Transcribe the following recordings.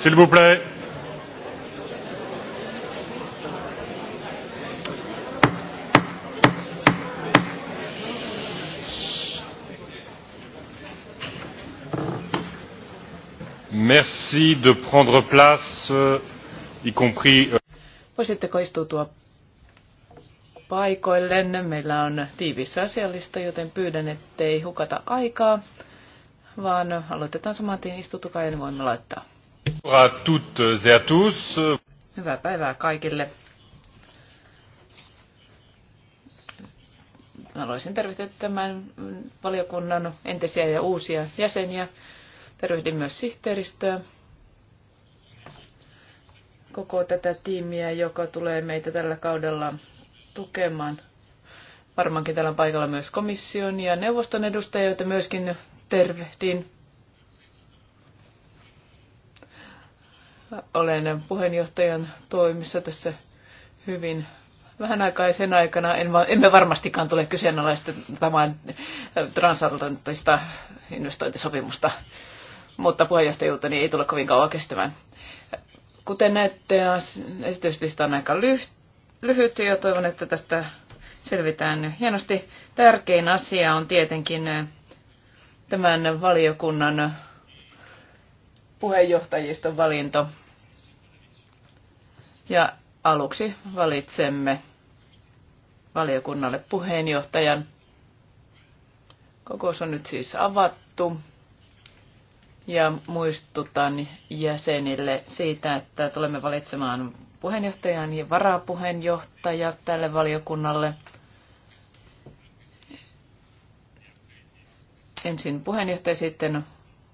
S'il vous plaît. Merci de prendre place, euh, y compris. Euh, Voisitteko istutua paikoillenne? Meillä on tiivis asiallista, joten pyydän, ettei hukata aikaa, vaan aloitetaan samantien istutukaa ja niin voimme laittaa. Hyvää päivää kaikille. Haluaisin tervehtiä tämän valiokunnan entisiä ja uusia jäseniä. Tervehdin myös sihteeristöä, koko tätä tiimiä, joka tulee meitä tällä kaudella tukemaan. Varmaankin täällä on paikalla myös komission ja neuvoston edustajia, joita myöskin tervehdin Olen puheenjohtajan toimissa tässä hyvin vähän aikaa sen aikana. En, emme varmastikaan tule kyseenalaistamaan transatlanttista investointisopimusta, mutta puheenjohtajuuteni ei tule kovin kauan kestämään. Kuten näette, esityslista on aika lyhyt ja toivon, että tästä selvitään hienosti. Tärkein asia on tietenkin tämän valiokunnan puheenjohtajiston valinto. Ja aluksi valitsemme valiokunnalle puheenjohtajan. Kokous on nyt siis avattu. Ja muistutan jäsenille siitä, että tulemme valitsemaan puheenjohtajan ja varapuheenjohtaja tälle valiokunnalle. Ensin puheenjohtaja, sitten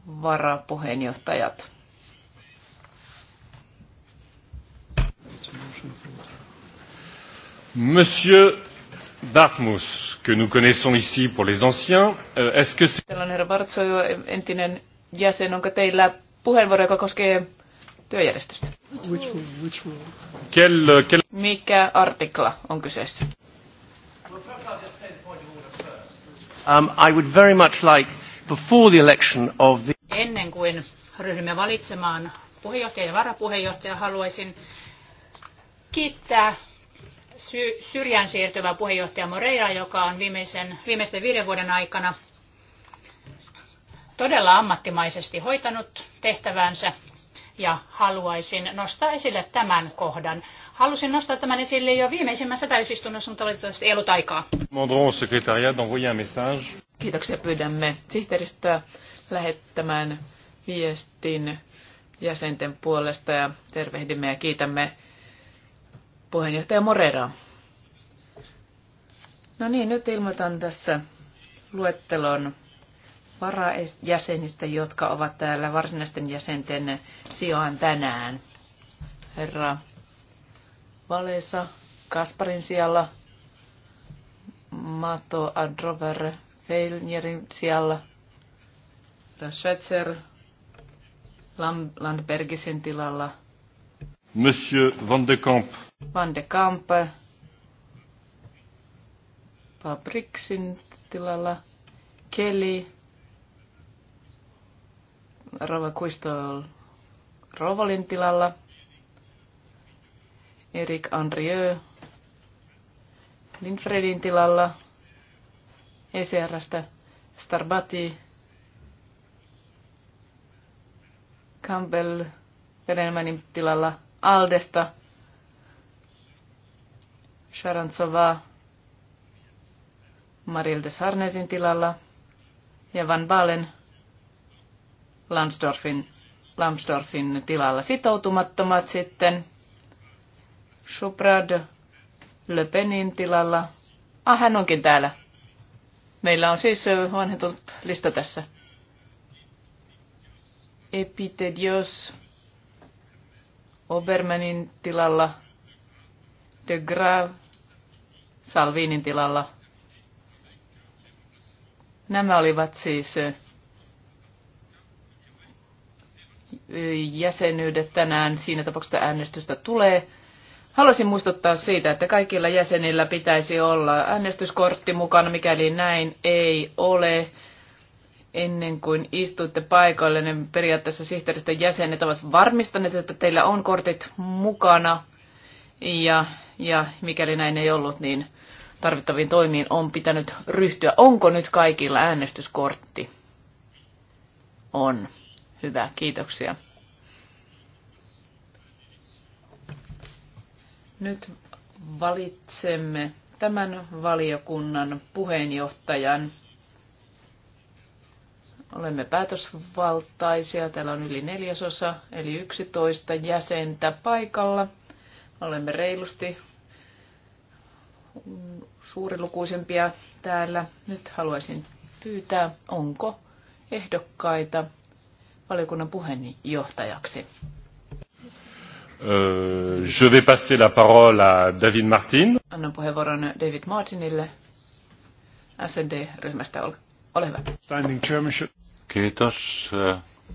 varapuheenjohtajat. Monsieur Bartmus, que nous connaissons ici pour les anciens, euh, est-ce que c'est... Täällä on herra Bartsojo, entinen jäsen, onko teillä puheenvuoro, joka koskee työjärjestystä? Which rule? Which rule? Quel, euh, quel... Mikä artikla on kyseessä? Um, I would very much like, before the election of the... Ennen kuin ryhdymme valitsemaan puheenjohtaja ja varapuheenjohtaja, haluaisin kiittää sy- syrjään siirtyvää puheenjohtaja Moreira, joka on viimeisen, viimeisten viiden vuoden aikana todella ammattimaisesti hoitanut tehtävänsä ja haluaisin nostaa esille tämän kohdan. Halusin nostaa tämän esille jo viimeisimmässä täysistunnossa, mutta valitettavasti ei ollut aikaa. Kiitoksia pyydämme sihteeristöä lähettämään viestin jäsenten puolesta ja tervehdimme ja kiitämme puheenjohtaja Moreraa. No niin, nyt ilmoitan tässä luettelon varajäsenistä, jotka ovat täällä varsinaisten jäsenten sijaan tänään. Herra Valesa, Kasparin sijalla, Mato Adrover Feilnierin sijalla, Schweitzer Landbergisen tilalla. Monsieur Van de Kamp. Van de Kamp. Pabriksin tilalla. Kelly. Rova Kuistol Rovalin tilalla. Erik Andrieu Linfredin tilalla. ECRstä Starbati Campbell Perelmanin tilalla Aldesta, Sharantsova Marilde Sarnesin tilalla ja Van Balen Lansdorfin, Lambsdorfin tilalla sitoutumattomat sitten. Suprad Le Penin tilalla. Ah, hän onkin täällä. Meillä on siis vanhentunut lista tässä. Epitedios Obermanin tilalla, de Grave Salvinin tilalla. Nämä olivat siis jäsenyydet tänään. Siinä tapauksessa äänestystä tulee. Haluaisin muistuttaa siitä, että kaikilla jäsenillä pitäisi olla äänestyskortti mukana, mikäli näin ei ole ennen kuin istuitte paikoille, niin periaatteessa sihteeristön jäsenet ovat varmistaneet, että teillä on kortit mukana. Ja, ja mikäli näin ei ollut, niin tarvittaviin toimiin on pitänyt ryhtyä. Onko nyt kaikilla äänestyskortti? On. Hyvä, kiitoksia. Nyt valitsemme tämän valiokunnan puheenjohtajan. Olemme päätösvaltaisia. Täällä on yli neljäsosa, eli 11 jäsentä paikalla. Olemme reilusti suurilukuisempia täällä. Nyt haluaisin pyytää, onko ehdokkaita valiokunnan puheenjohtajaksi. Euh, je vais passer la parole à David Martin. Annan puheenvuoron David Martinille SND-ryhmästä. Ole hyvä. Standing chairmanship. Kiitos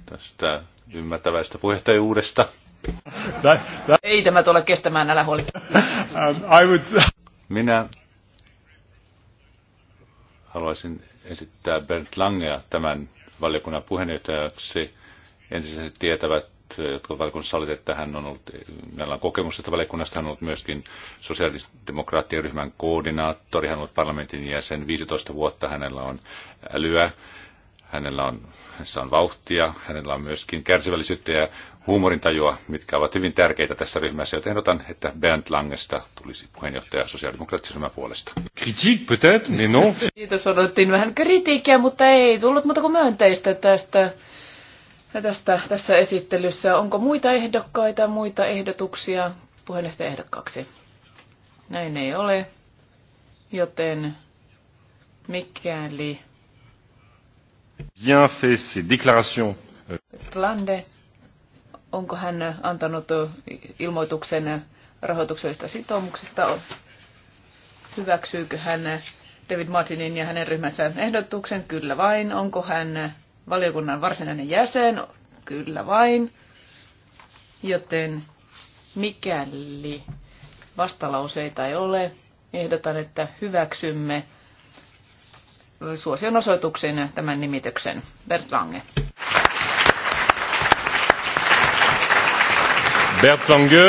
tästä ymmärtäväistä puheenjohtajuudesta. Ei tämä tule kestämään, älä huoli. Um, Minä haluaisin esittää Bernd Langea tämän valiokunnan puheenjohtajaksi. Ensisijaisesti tietävät, jotka valiokunnassa olivat, että hän on ollut, meillä on kokemus, että valiokunnasta hän on ollut myöskin sosiaalidemokraattien ryhmän koordinaattori, hän on ollut parlamentin jäsen 15 vuotta, hänellä on älyä Hänellä on, hänessä on vauhtia, hänellä on myöskin kärsivällisyyttä ja huumorintajua, mitkä ovat hyvin tärkeitä tässä ryhmässä, joten ehdotan, että Bernd Langesta tulisi puheenjohtaja sosiaalidemokraattisen puolesta. Kritik, peut niin no. Siitä sanottiin vähän kritiikkiä, mutta ei tullut muuta kuin myönteistä tästä, tästä tässä esittelyssä. Onko muita ehdokkaita, muita ehdotuksia puheenjohtaja ehdokkaaksi? Näin ei ole, joten mikäli Bien fait ses déclarations. Lande, onko hän antanut ilmoituksen rahoituksellisista sitoumuksista? Hyväksyykö hän David Martinin ja hänen ryhmänsä ehdotuksen? Kyllä vain. Onko hän valiokunnan varsinainen jäsen? Kyllä vain. Joten mikäli vastalauseita ei ole, ehdotan, että hyväksymme suosion osoituksen tämän nimityksen. Bert Lange. Bert Lange,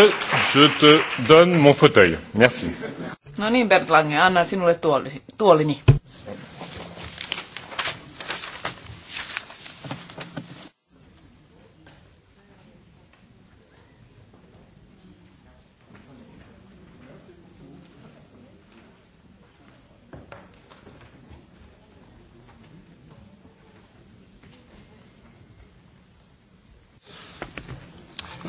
je te donne mon fauteuil. Merci. No niin, Bert Lange, Anna sinulle tuoli, tuolini.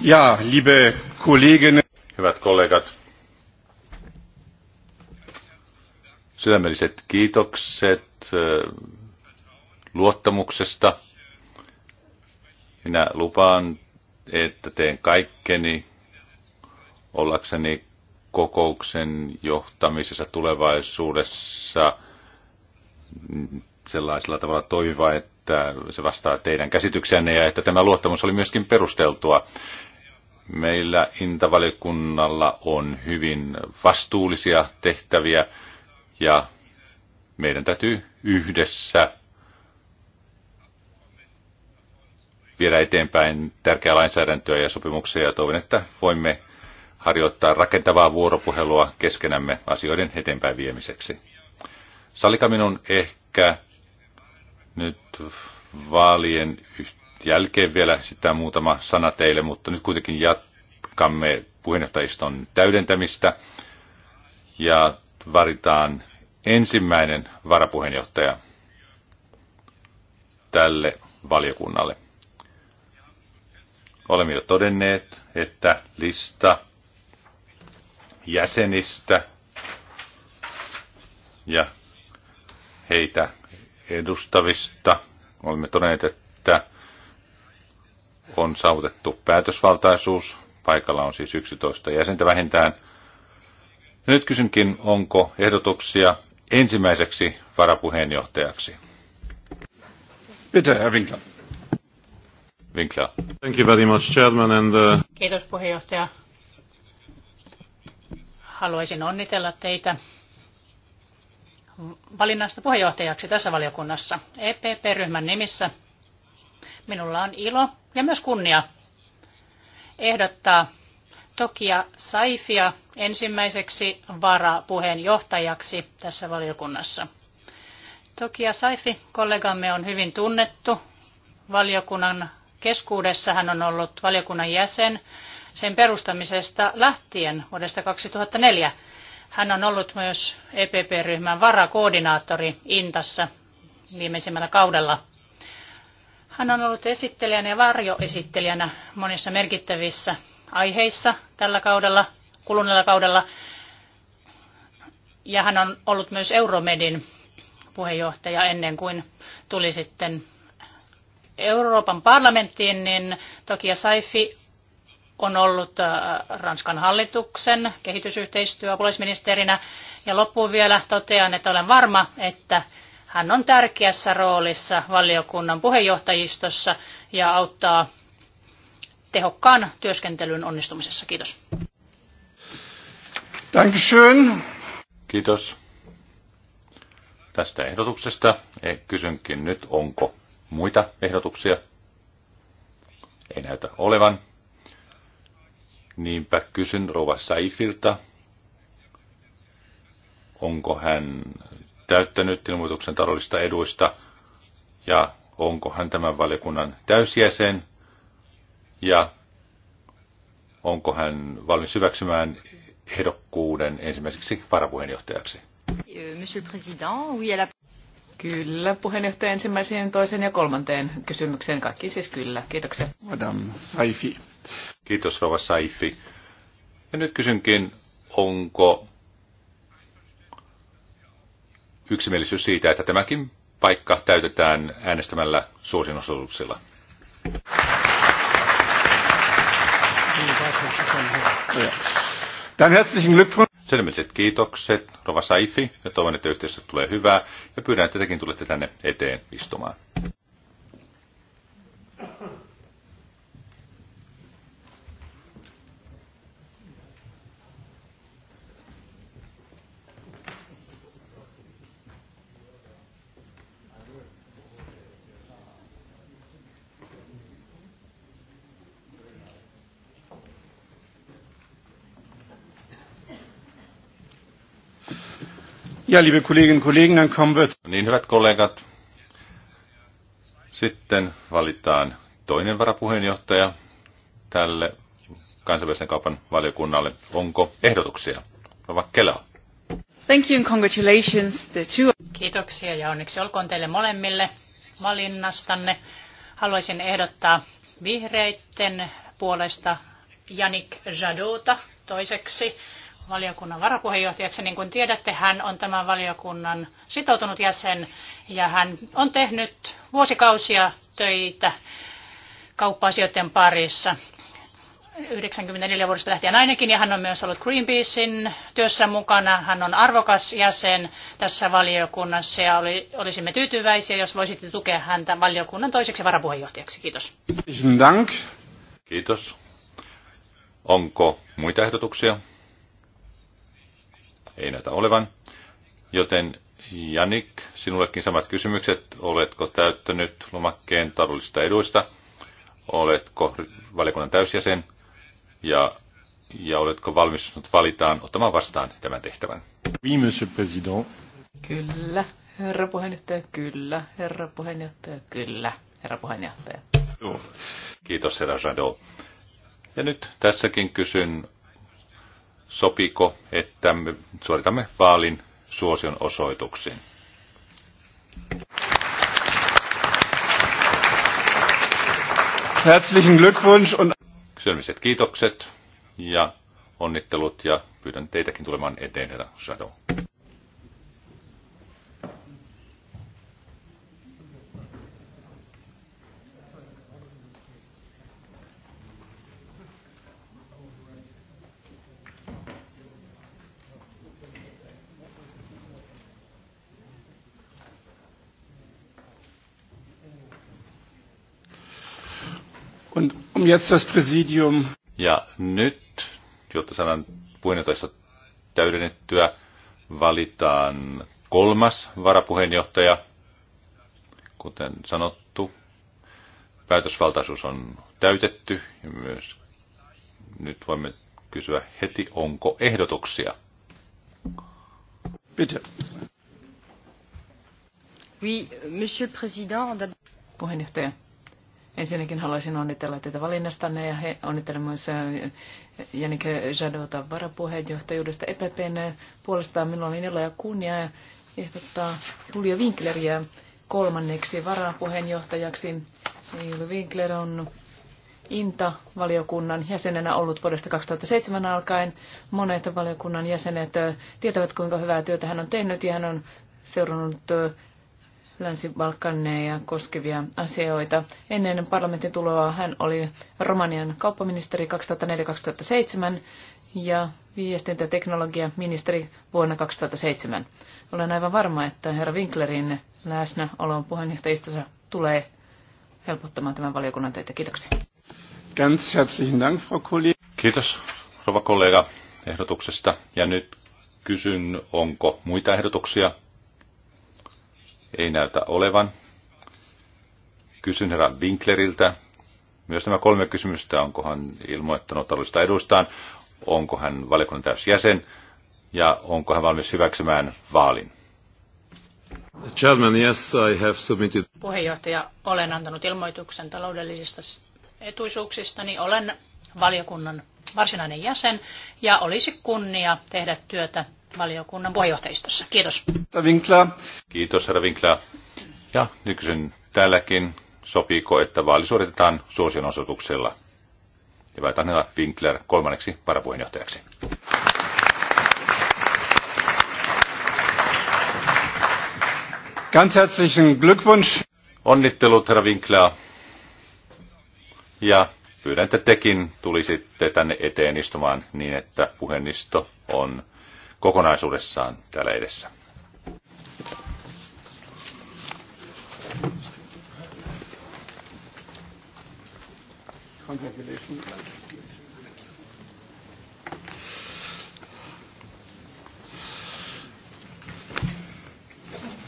Ja, liebe Kolleginnen. Hyvät kollegat, sydämelliset kiitokset luottamuksesta. Minä lupaan, että teen kaikkeni ollakseni kokouksen johtamisessa tulevaisuudessa sellaisella tavalla toimiva, että se vastaa teidän käsityksenne ja että tämä luottamus oli myöskin perusteltua. Meillä Intavaliokunnalla on hyvin vastuullisia tehtäviä ja meidän täytyy yhdessä viedä eteenpäin tärkeää lainsäädäntöä ja sopimuksia ja toivon, että voimme harjoittaa rakentavaa vuoropuhelua keskenämme asioiden eteenpäin viemiseksi. Salika minun ehkä nyt vaalien yhteydessä jälkeen vielä sitä muutama sana teille, mutta nyt kuitenkin jatkamme puheenjohtajiston täydentämistä ja varitaan ensimmäinen varapuheenjohtaja tälle valiokunnalle. Olemme jo todenneet, että lista jäsenistä ja heitä edustavista. Olemme todenneet, että on saavutettu päätösvaltaisuus. Paikalla on siis 11 jäsentä vähintään. Nyt kysynkin, onko ehdotuksia ensimmäiseksi varapuheenjohtajaksi. Peter Winkler. Winkler. Thank you very much, Chairman. And, uh... Kiitos puheenjohtaja. Haluaisin onnitella teitä valinnasta puheenjohtajaksi tässä valiokunnassa. EPP-ryhmän nimissä Minulla on ilo ja myös kunnia ehdottaa Tokia Saifia ensimmäiseksi varapuheenjohtajaksi tässä valiokunnassa. Tokia Saifi, kollegamme, on hyvin tunnettu valiokunnan keskuudessa. Hän on ollut valiokunnan jäsen sen perustamisesta lähtien vuodesta 2004. Hän on ollut myös EPP-ryhmän varakoordinaattori Intassa viimeisimmällä kaudella. Hän on ollut esittelijänä ja varjoesittelijänä monissa merkittävissä aiheissa tällä kaudella, kuluneella kaudella. Ja hän on ollut myös Euromedin puheenjohtaja ennen kuin tuli sitten Euroopan parlamenttiin, niin toki Saifi on ollut äh, Ranskan hallituksen kehitysyhteistyöapulaisministerinä. Ja loppuun vielä totean, että olen varma, että hän on tärkeässä roolissa valiokunnan puheenjohtajistossa ja auttaa tehokkaan työskentelyn onnistumisessa. Kiitos. Dankeschön. Kiitos tästä ehdotuksesta. E, kysynkin nyt, onko muita ehdotuksia? Ei näytä olevan. Niinpä kysyn Rova Saifilta, onko hän täyttänyt ilmoituksen taloudellisista eduista ja onko hän tämän valiokunnan täysjäsen ja onko hän valmis hyväksymään ehdokkuuden ensimmäiseksi varapuheenjohtajaksi. Kyllä, puheenjohtaja ensimmäiseen, toisen ja kolmanteen kysymykseen. Kaikki siis kyllä. Kiitoksia. Madame Saifi. Kiitos, Rova Saifi. Ja nyt kysynkin, onko yksimielisyys siitä, että tämäkin paikka täytetään äänestämällä suosinosoituksilla. Tämän herzlichen Glückwunsch. kiitokset, Rova Saifi, ja toivon, että yhteistyö tulee hyvää, ja pyydän, että tekin tulette tänne eteen istumaan. Ja, liebe Kolleginnen und Kollegen, dann kommen wir... Niin, hyvät kollegat. Sitten valitaan toinen varapuheenjohtaja tälle kansainvälisen kaupan valiokunnalle. Onko ehdotuksia? Nova Kela. Thank you and congratulations the two. Kiitoksia ja onneksi olkoon teille molemmille valinnastanne. Haluaisin ehdottaa vihreitten puolesta Janik Jadota toiseksi valiokunnan varapuheenjohtajaksi. Niin kuin tiedätte, hän on tämän valiokunnan sitoutunut jäsen ja hän on tehnyt vuosikausia töitä kauppa-asioiden parissa. 94 vuodesta lähtien ainakin, ja hän on myös ollut Greenpeacein työssä mukana. Hän on arvokas jäsen tässä valiokunnassa, ja oli, olisimme tyytyväisiä, jos voisitte tukea häntä valiokunnan toiseksi varapuheenjohtajaksi. Kiitos. Kiitos. Onko muita ehdotuksia? Ei näitä olevan. Joten Janik, sinullekin samat kysymykset. Oletko täyttänyt lomakkeen taloudellisista eduista? Oletko valiokunnan täysjäsen? Ja, ja oletko valmistunut valitaan ottamaan vastaan tämän tehtävän? Kyllä, herra puheenjohtaja, kyllä, herra puheenjohtaja, kyllä, herra puheenjohtaja. Kiitos, herra Jadot. Ja nyt tässäkin kysyn, Sopiko, että me suoritamme vaalin suosion osoituksin? Herzlichen Glückwunsch und kiitokset ja onnittelut ja pyydän teitäkin tulemaan eteen, herra Shadow. um jetzt das Präsidium. Ja nyt, jotta saadaan puheenjohtajasta täydennettyä, valitaan kolmas varapuheenjohtaja. Kuten sanottu, päätösvaltaisuus on täytetty ja myös nyt voimme kysyä heti, onko ehdotuksia. Bitte. Oui, monsieur le président. Puheenjohtaja. Ensinnäkin haluaisin onnitella teitä valinnastanne ja he onnittelen myös Janik Jadota varapuheenjohtajuudesta EPPn puolestaan. Minulla oli ilo ja kunnia ehdottaa Julio Winkleriä kolmanneksi varapuheenjohtajaksi. Julio Winkler on INTA-valiokunnan jäsenenä ollut vuodesta 2007 alkaen. Monet valiokunnan jäsenet tietävät, kuinka hyvää työtä hän on tehnyt ja hän on seurannut Länsi-Balkaneja koskevia asioita. Ennen parlamentin tuloa hän oli Romanian kauppaministeri 2004-2007 ja viestintäteknologiaministeri vuonna 2007. Olen aivan varma, että herra Winklerin läsnäolon puheenjohtajistossa tulee helpottamaan tämän valiokunnan töitä. Kiitoksia. Ganz herzlichen Dank, Frau Kollegin. Kiitos, rouva kollega, ehdotuksesta. Ja nyt kysyn, onko muita ehdotuksia ei näytä olevan. Kysyn herra Winkleriltä myös nämä kolme kysymystä. Onko hän ilmoittanut taloudellista edustaan? Onko hän valiokunnan täysjäsen? Ja onko hän valmis hyväksymään vaalin? Chairman, yes, I have submitted. Puheenjohtaja, olen antanut ilmoituksen taloudellisista etuisuuksista, niin olen valiokunnan varsinainen jäsen ja olisi kunnia tehdä työtä valiokunnan puheenjohtajistossa. Kiitos. Kiitos, herra Winkler. Ja nykyisin täälläkin sopiiko, että vaali suoritetaan suosionosoituksella. Ja väitän herra Winkler kolmanneksi varapuheenjohtajaksi. Ganz herzlichen Glückwunsch. Onnittelut, herra Winkler. Ja pyydän, että tekin tulisitte tänne eteen istumaan niin, että puheennisto on kokonaisuudessaan täällä edessä.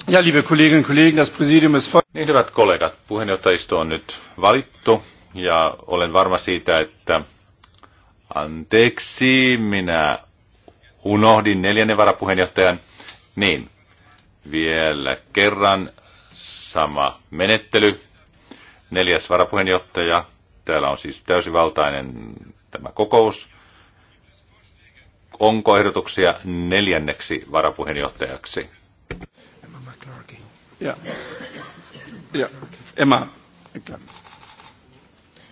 Ja, liebe Kolleginnen und Kollegen, das Präsidium ist voll. Niin, hyvät kollegat, puheenjohtajisto on nyt valittu ja olen varma siitä, että anteeksi, minä Unohdin neljännen varapuheenjohtajan. Niin, vielä kerran sama menettely. Neljäs varapuheenjohtaja. Täällä on siis täysivaltainen tämä kokous. Onko ehdotuksia neljänneksi varapuheenjohtajaksi? Emma McClarkin. Ja. Ja. Emma.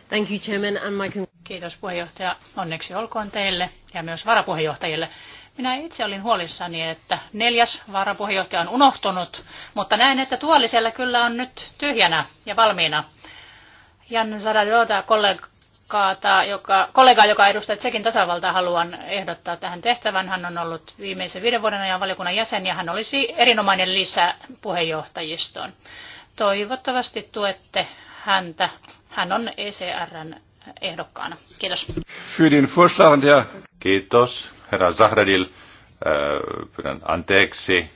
Thank you, Chairman, and my Kiitos puheenjohtaja. Onneksi olkoon teille ja myös varapuheenjohtajille. Minä itse olin huolissani, että neljäs varapuheenjohtaja on unohtunut, mutta näen, että tuolisella kyllä on nyt tyhjänä ja valmiina. Jan Saradota, kollegaa, joka, kollega, joka edustaa Tsekin tasavaltaa, haluan ehdottaa tähän tehtävän. Hän on ollut viimeisen viiden vuoden ajan valiokunnan jäsen ja hän olisi erinomainen lisä puheenjohtajistoon. Toivottavasti tuette häntä. Hän on ECRn ehdokkaana. Kiitos. Kiitos herra Zahradil, äh, pyydän anteeksi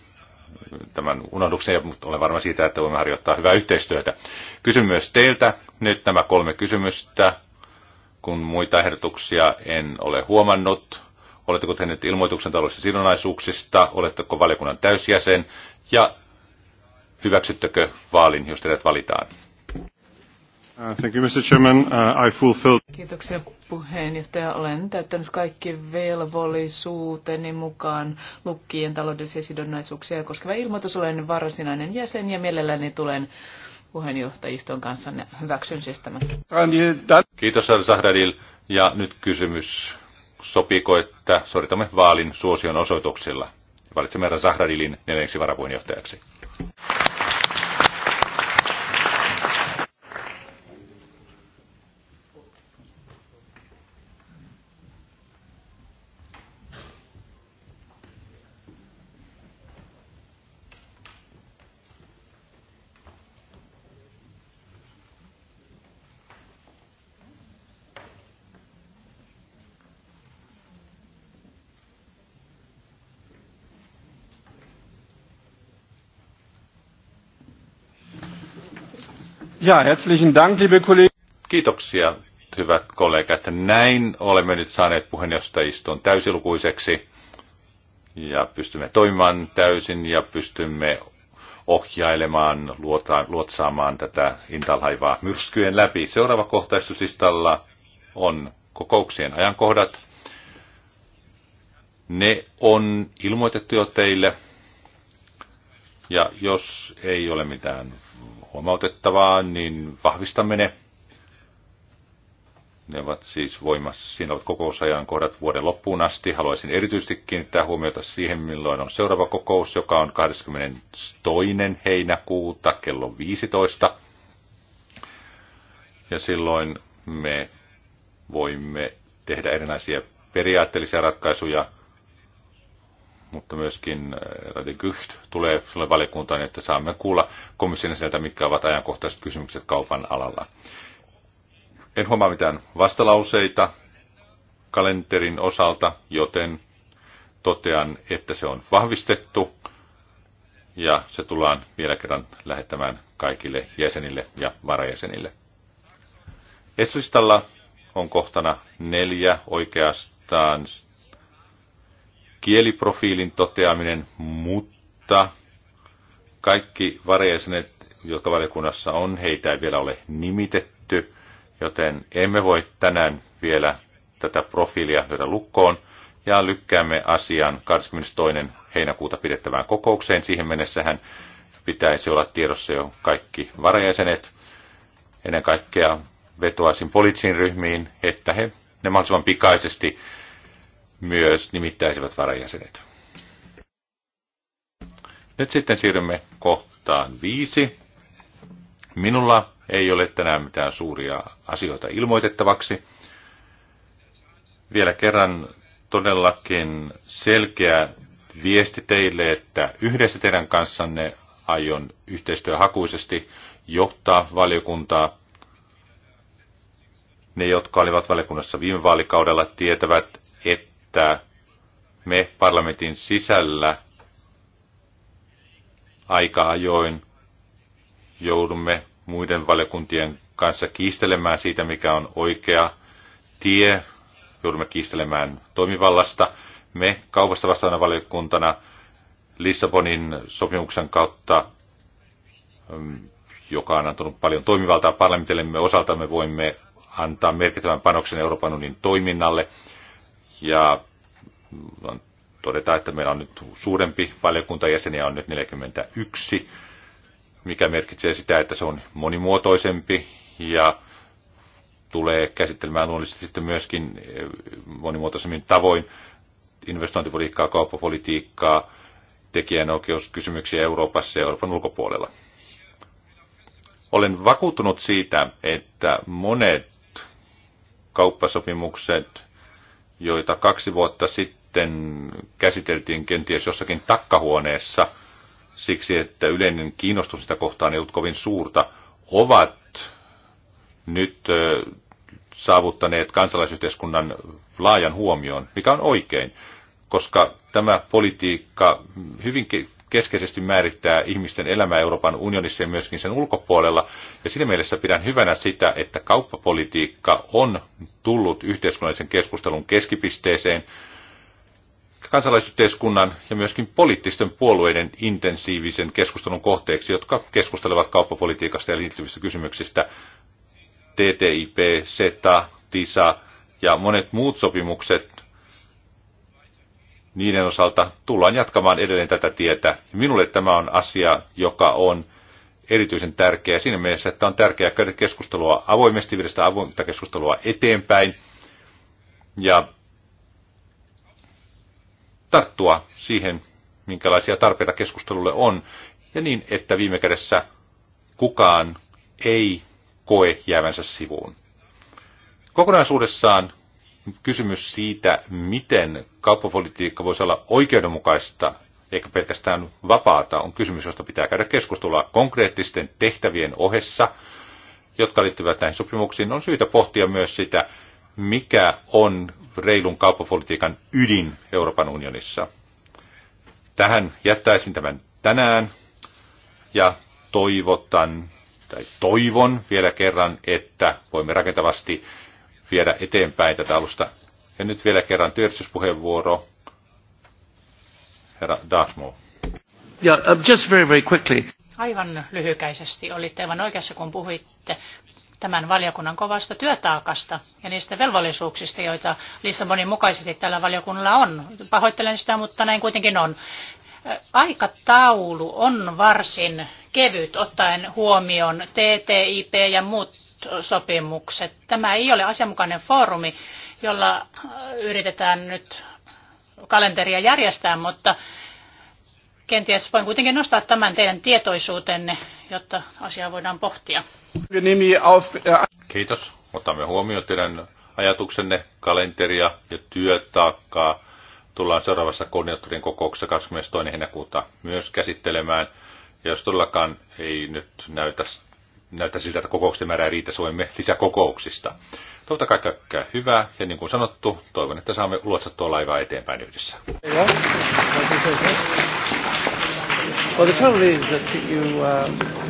tämän unohduksen, mutta olen varma siitä, että voimme harjoittaa hyvää yhteistyötä. Kysyn myös teiltä nyt nämä kolme kysymystä, kun muita ehdotuksia en ole huomannut. Oletteko tehneet ilmoituksen taloudellisista sidonnaisuuksista? Oletteko valiokunnan täysjäsen? Ja hyväksyttekö vaalin, jos teidät valitaan? Uh, thank you, Mr. Chairman. Uh, I fulfilled... Kiitoksia puheenjohtaja. Olen täyttänyt kaikki velvollisuuteni mukaan lukkien taloudellisia sidonnaisuuksia koskeva ilmoitus. Olen varsinainen jäsen ja mielelläni tulen puheenjohtajiston kanssa hyväksyn siis tämän. Kiitos Al Sahradil. Ja nyt kysymys. Sopiiko, että suoritamme vaalin suosion osoituksilla? Valitsemme Sahradilin neljäksi varapuheenjohtajaksi. Ja, herzlichen Dank, liebe Kollegen. Kiitoksia, hyvät kollegat. Näin olemme nyt saaneet puheenjohtajiston täysilukuiseksi ja pystymme toimimaan täysin ja pystymme ohjailemaan, luota, luotsaamaan tätä intalaivaa myrskyjen läpi. Seuraava kohtaistusistalla on kokouksien ajankohdat. Ne on ilmoitettu jo teille. Ja jos ei ole mitään huomautettavaa, niin vahvistamme ne. Ne ovat siis voimassa, siinä ovat kokousajan kohdat vuoden loppuun asti. Haluaisin erityisesti kiinnittää huomiota siihen, milloin on seuraava kokous, joka on 22. heinäkuuta kello 15. Ja silloin me voimme tehdä erinäisiä periaatteellisia ratkaisuja mutta myöskin äh, Radio Gyht tulee sille valiokuntaan, että saamme kuulla komission sieltä, mitkä ovat ajankohtaiset kysymykset kaupan alalla. En huomaa mitään vastalauseita kalenterin osalta, joten totean, että se on vahvistettu ja se tullaan vielä kerran lähettämään kaikille jäsenille ja varajäsenille. Eslistalla on kohtana neljä oikeastaan kieliprofiilin toteaminen, mutta kaikki varjäsenet, jotka valiokunnassa on, heitä ei vielä ole nimitetty, joten emme voi tänään vielä tätä profiilia löydä lukkoon ja lykkäämme asian 22. heinäkuuta pidettävään kokoukseen. Siihen mennessähän pitäisi olla tiedossa jo kaikki varajäsenet. Ennen kaikkea vetoaisin poliitsin ryhmiin, että he ne mahdollisimman pikaisesti myös nimittäisivät varajäsenet. Nyt sitten siirrymme kohtaan viisi. Minulla ei ole tänään mitään suuria asioita ilmoitettavaksi. Vielä kerran todellakin selkeä viesti teille, että yhdessä teidän kanssanne aion yhteistyöhakuisesti johtaa valiokuntaa. Ne, jotka olivat valiokunnassa viime vaalikaudella, tietävät, että että me parlamentin sisällä aika ajoin joudumme muiden valiokuntien kanssa kiistelemään siitä, mikä on oikea tie. Joudumme kiistelemään toimivallasta. Me kaupasta vastaavana valiokuntana Lissabonin sopimuksen kautta, mm, joka on antanut paljon toimivaltaa parlamentille, me osaltamme voimme antaa merkittävän panoksen Euroopan unionin toiminnalle. Ja on todeta, että meillä on nyt suurempi valiokunta, jäseniä on nyt 41, mikä merkitsee sitä, että se on monimuotoisempi ja tulee käsittelemään luonnollisesti sitten myöskin eh, monimuotoisemmin tavoin investointipolitiikkaa, kauppapolitiikkaa, tekijänoikeuskysymyksiä Euroopassa ja Euroopan ulkopuolella. Olen vakuuttunut siitä, että monet kauppasopimukset, joita kaksi vuotta sitten sitten käsiteltiin kenties jossakin takkahuoneessa siksi, että yleinen kiinnostus sitä kohtaan ei ollut kovin suurta, ovat nyt saavuttaneet kansalaisyhteiskunnan laajan huomion, mikä on oikein, koska tämä politiikka hyvin keskeisesti määrittää ihmisten elämää Euroopan unionissa ja myöskin sen ulkopuolella. Ja siinä mielessä pidän hyvänä sitä, että kauppapolitiikka on tullut yhteiskunnallisen keskustelun keskipisteeseen kansalaisyhteiskunnan ja myöskin poliittisten puolueiden intensiivisen keskustelun kohteeksi, jotka keskustelevat kauppapolitiikasta ja liittyvistä kysymyksistä. TTIP, CETA, TISA ja monet muut sopimukset, niiden osalta tullaan jatkamaan edelleen tätä tietä. Minulle tämä on asia, joka on erityisen tärkeä siinä mielessä, että on tärkeää käydä keskustelua avoimesti, viedä sitä avointa keskustelua eteenpäin. Ja tarttua siihen, minkälaisia tarpeita keskustelulle on, ja niin, että viime kädessä kukaan ei koe jäävänsä sivuun. Kokonaisuudessaan kysymys siitä, miten kauppapolitiikka voisi olla oikeudenmukaista, eikä pelkästään vapaata, on kysymys, josta pitää käydä keskustelua konkreettisten tehtävien ohessa, jotka liittyvät näihin sopimuksiin. On syytä pohtia myös sitä, mikä on reilun kauppapolitiikan ydin Euroopan unionissa. Tähän jättäisin tämän tänään ja toivotan tai toivon vielä kerran, että voimme rakentavasti viedä eteenpäin tätä alusta. Ja nyt vielä kerran työllisyyspuheenvuoro. Herra Dartmo. Yeah, uh, just very, very quickly. Aivan lyhykäisesti. Olitte aivan oikeassa, kun puhuitte tämän valiokunnan kovasta työtaakasta ja niistä velvollisuuksista, joita Lissabonin mukaisesti tällä valiokunnalla on. Pahoittelen sitä, mutta näin kuitenkin on. Aikataulu on varsin kevyt ottaen huomioon TTIP ja muut sopimukset. Tämä ei ole asianmukainen foorumi, jolla äh, yritetään nyt kalenteria järjestää, mutta kenties voin kuitenkin nostaa tämän teidän tietoisuutenne jotta asiaa voidaan pohtia. Kiitos. Otamme huomioon teidän ajatuksenne, kalenteria ja työtaakkaa. Tullaan seuraavassa koordinaattorin kokouksessa 22. heinäkuuta myös käsittelemään. Ja jos todellakaan ei nyt näytä, näytä siltä, että kokousten määrä ei riitä, soimme lisäkokouksista. Totta kai kaikkea hyvää ja niin kuin sanottu, toivon, että saamme luotsattua laivaa eteenpäin yhdessä. Ja. Well, the trouble is that you. Um,